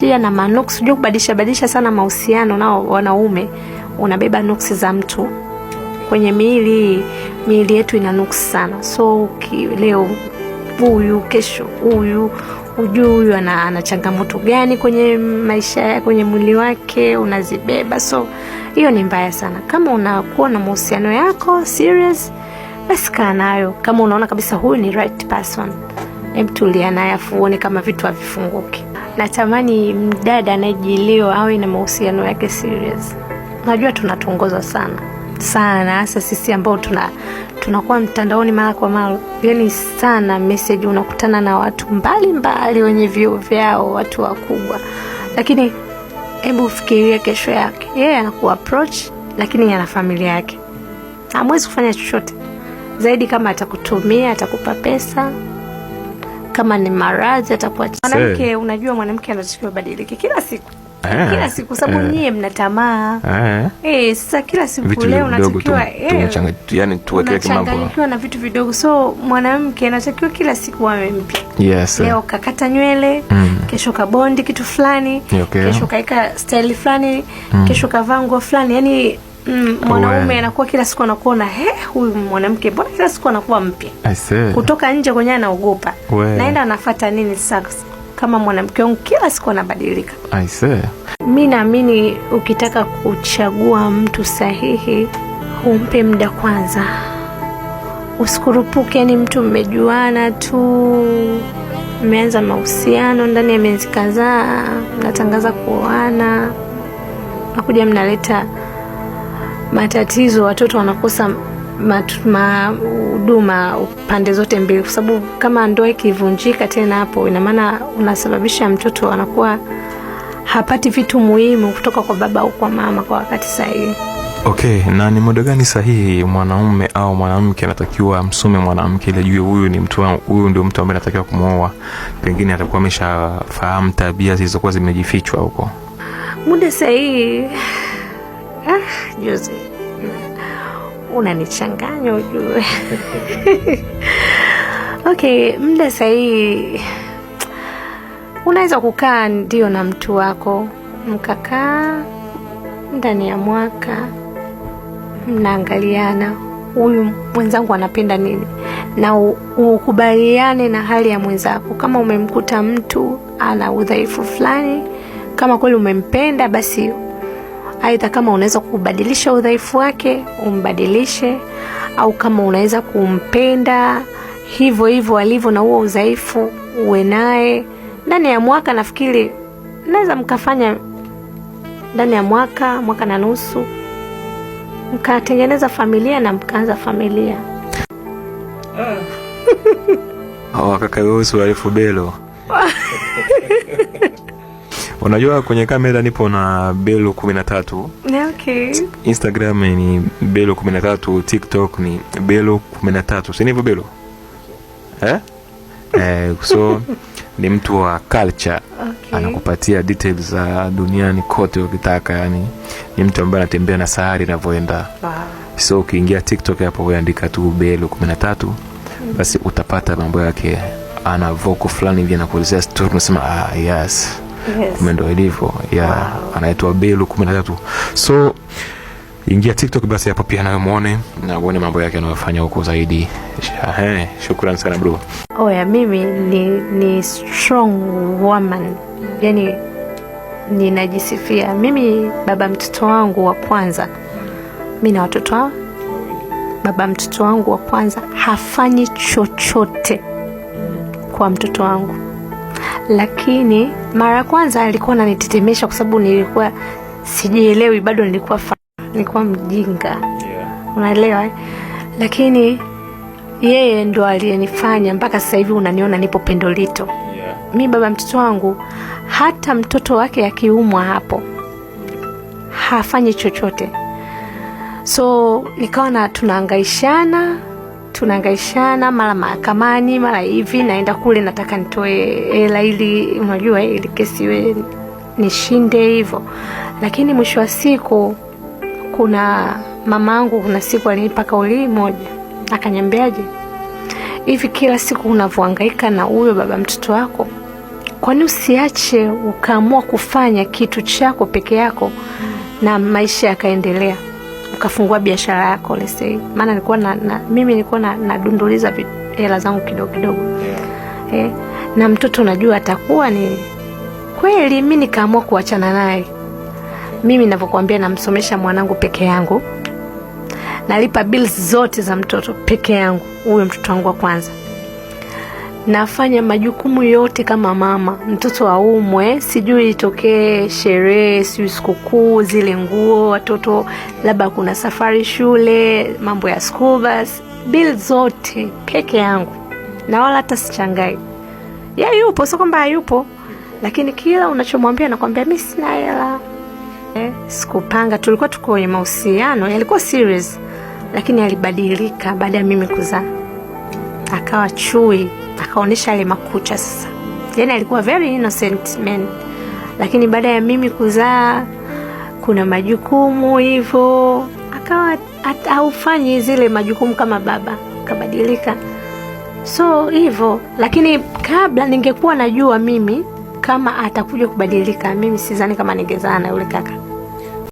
Pia na manuksi, unajua kubadilisha badilisha sana mahusiano nao wanaume, unabeba nuksi za mtu kwenye miili Miili yetu ina nuksi sana, so leo huyu, kesho huyu, hujui huyu ana, ana changamoto gani kwenye maisha yake, kwenye mwili wake unazibeba. So hiyo ni mbaya sana. Kama unakuwa na mahusiano yako serious, basi kaa nayo. Kama unaona kabisa huyu ni right person, hebu tulia naye, kama vitu havifunguki natamani mdada anayejiliwa awe na mahusiano yake serious. Najua tunatuongoza sana sana, hasa sisi ambao tuna tunakuwa mtandaoni mara kwa mara, yani sana message, unakutana na watu mbalimbali wenye vyeo vyao, watu wakubwa, lakini hebu fikiria kesho yake yeye, yeah, anaku approach lakini ana familia yake, hamwezi kufanya chochote zaidi. Kama atakutumia atakupa pesa kama ni maradhi atakuwa. Mwanamke, unajua mwanamke anatakiwa badilike kila siku eh. kila siku sababu eh. nyie mna tamaa eh. eh sasa kila siku leo unatakiwa eh, yani tuwekee mambo unachanganyikiwa na vitu vidogo, so mwanamke anatakiwa kila siku awe mpya. Yes, leo kakata nywele mm, kesho kabondi kitu fulani okay, kesho kaika style fulani mm, kesho kavaa nguo fulani yani Mm, mwanaume anakuwa kila siku na he, huyu mwanamke mbona kila siku anakuwa mpya, kutoka nje kwenye anaogopa, naenda anafata nini sasa kama mwanamke wangu kila siku anabadilika. Mi naamini ukitaka kuchagua mtu sahihi humpe muda kwanza, usikurupuke. Ni yaani mtu mmejuana tu, mmeanza mahusiano, ndani ya miezi kadhaa mnatangaza kuoana, nakuja mnaleta matatizo, watoto wanakosa huduma pande zote mbili, kwa sababu kama ndoa ikivunjika tena, hapo inamaana unasababisha mtoto anakuwa hapati vitu muhimu kutoka kwa baba au kwa mama kwa wakati sahihi. Okay, na ni muda gani sahihi mwanaume au mwanamke anatakiwa msume mwanamke ili ajue huyu ni mtu huyu ndio mtu ambaye anatakiwa kumwoa? Pengine atakuwa ameshafahamu tabia zilizokuwa zimejifichwa huko. Muda sahihi ah, unanichanganya ujue. Okay, muda sahihi unaweza kukaa ndio na mtu wako mkakaa ndani ya mwaka mnaangaliana, huyu mwenzangu anapenda nini, na ukubaliane na hali ya mwenzako. Kama umemkuta mtu ana udhaifu fulani, kama kweli umempenda, basi Aidha, kama unaweza kubadilisha udhaifu wake umbadilishe, au kama unaweza kumpenda hivyo hivyo alivyo na huo udhaifu uwe naye. Ndani ya mwaka nafikiri naweza mkafanya ndani ya mwaka mwaka na nusu, mkatengeneza familia na mkaanza familia. Ah. Wakaka weusi warefu belo Unajua kwenye kamera nipo na Belo 13. Okay. Instagram ni Belo 13, TikTok ni Belo 13. Si ndivyo Belo? Eh? Eh, so ni mtu wa culture. Okay. Anakupatia details za duniani kote ukitaka, yani ni mtu ambaye anatembea na sahari inavyoenda. Wow. So ukiingia TikTok hapo uandika tu Belo 13 mm. basi utapata mambo yake ana voko fulani hivi anakuelezea story, unasema ah, yes yes. ndo ilivyo yeah. Wow. Anaitwa Belu kumi na tatu so ingia TikTok basi hapo pia nayo mwone na uone mambo yake anayofanya huko zaidi. shukran sana bro. Oya, oh, mimi ni, ni strong woman, yani ninajisifia mimi. Baba mtoto wangu wa kwanza, mi na watoto, baba mtoto wangu wa kwanza hafanyi chochote kwa mtoto wangu lakini mara kwanza alikuwa ananitetemesha kwa sababu nilikuwa sijielewi bado, nilikuwa fa, nilikuwa mjinga yeah. Unaelewa, lakini yeye ndo aliyenifanya mpaka sasa hivi unaniona nipo Pendolito yeah. Mi baba mtoto wangu, hata mtoto wake akiumwa hapo hafanyi chochote, so nikawa na tunaangaishana tunaangaishana, mara mahakamani, mara hivi, naenda kule, nataka nitoe hela ili unajua, ili kesi iwe nishinde hivyo. Lakini mwisho wa siku, kuna mamangu, kuna siku alinipa kauli moja, akanyambiaje hivi, kila siku unavyohangaika na huyo baba mtoto wako kwani usiache ukaamua kufanya kitu chako peke yako na maisha yakaendelea ukafungua biashara yako lese, maana nilikuwa na, na mimi nilikuwa na nadunduliza hela zangu kidogo kidogo yeah. eh, na mtoto najua atakuwa ni kweli. Mi nikaamua kuachana naye. Mimi navyokwambia, namsomesha mwanangu peke yangu, nalipa bills zote za mtoto peke yangu, huyo mtoto wangu wa kwanza nafanya majukumu yote kama mama, mtoto aumwe, sijui itokee sherehe, sijui sikukuu, zile nguo watoto, labda kuna safari shule, mambo ya school bus, bill zote peke yangu, na wala hata sichangai. Ya yupo, sio kwamba hayupo, lakini kila unachomwambia nakwambia mi sina hela eh. Sikupanga, tulikuwa tuko kwenye mahusiano yalikuwa serious, lakini alibadilika baada ya mimi kuzaa akawa chui, akaonyesha yale makucha. Sasa yani alikuwa very innocent man, lakini baada ya mimi kuzaa, kuna majukumu hivyo, akawa haufanyi zile majukumu kama baba, akabadilika so hivyo. Lakini kabla ningekuwa najua mimi kama atakuja kubadilika, mimi sizani kama ningezaa na yule kaka.